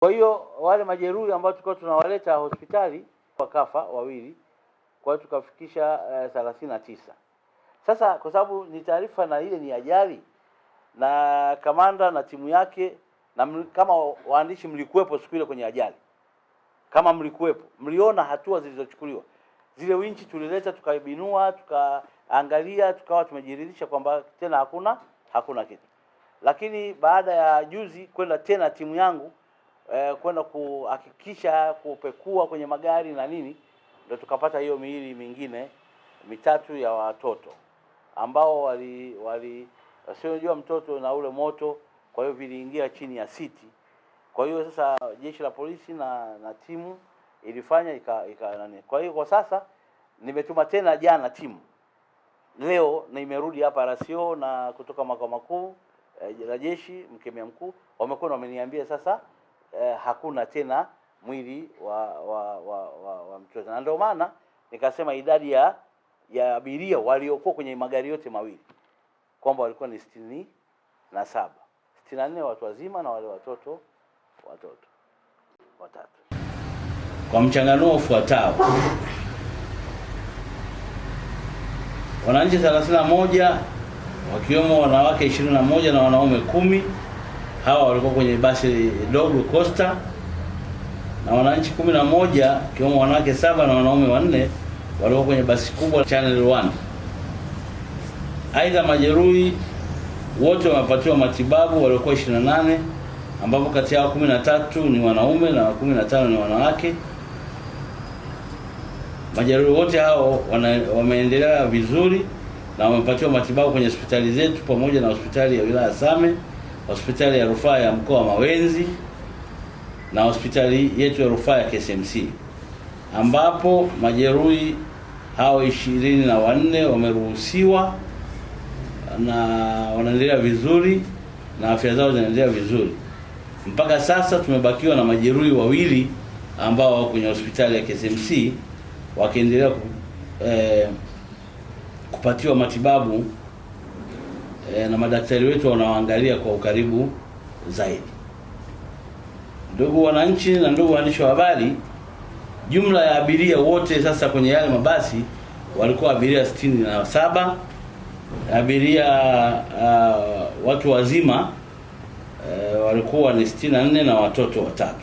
Kwa hiyo wale majeruhi ambao tulikuwa tunawaleta hospitali wakafa wawili, kwa hiyo tukafikisha eh, thelathini na tisa. Sasa kwa sababu ni taarifa na ile ni ajali, na kamanda na timu yake na mli, kama waandishi mlikuwepo siku ile kwenye ajali, kama mlikuwepo, mliona hatua zilizochukuliwa. Zile winchi tulileta, tukaibinua, tukaangalia, tukawa tumejiridhisha kwamba tena hakuna hakuna kitu. Lakini baada ya juzi kwenda tena timu yangu eh, kwenda kuhakikisha kupekua kwenye magari na nini, ndio tukapata hiyo miili mingine mitatu ya watoto ambao wali wali wasiojua mtoto na ule moto, kwa hiyo viliingia chini ya siti. Kwa hiyo sasa jeshi la polisi na, na timu ilifanya ika, ika nani. Kwa hiyo kwa sasa nimetuma tena jana timu leo nimerudi hapa RCO na kutoka makao makuu e, la jeshi mkemia mkuu wamekuwa wameniambia sasa eh, hakuna tena mwili wa wa, wa, wa, wa mchoza, na ndio maana nikasema idadi ya ya abiria waliokuwa kwenye magari yote mawili kwamba walikuwa ni sitini na saba, sitini na nne watu wazima na wale watoto watoto watatu. Kwa mchanganuo ufuatao, wananchi 31 wakiwemo wanawake 21 na wanaume kumi hawa walikuwa kwenye basi dogo Costa na wananchi kumi na moja kiwemo wanawake saba na wanaume wanne walikuwa kwenye basi kubwa Channel One. Aidha, majeruhi wote wamepatiwa matibabu waliokuwa nane ambapo kati yao tatu ni wanaume na tano ni wanawake. Majeruhi wote hao wameendelea vizuri na wamepatiwa matibabu kwenye hospitali zetu pamoja na hospitali ya wilaya Same hospitali ya rufaa ya mkoa wa Mawenzi na hospitali yetu ya rufaa ya KCMC ambapo majeruhi hao ishirini na wanne wameruhusiwa na wanaendelea vizuri na afya zao zinaendelea vizuri. Mpaka sasa tumebakiwa na majeruhi wawili ambao wako kwenye hospitali ya KCMC wakiendelea eh, kupatiwa matibabu e, na madaktari wetu wanaoangalia kwa ukaribu zaidi. Ndugu wananchi na ndugu waandishi wa habari, jumla ya abiria wote sasa kwenye yale mabasi walikuwa abiria sitini na saba abiria uh, watu wazima uh, walikuwa ni sitini na nne na watoto watatu.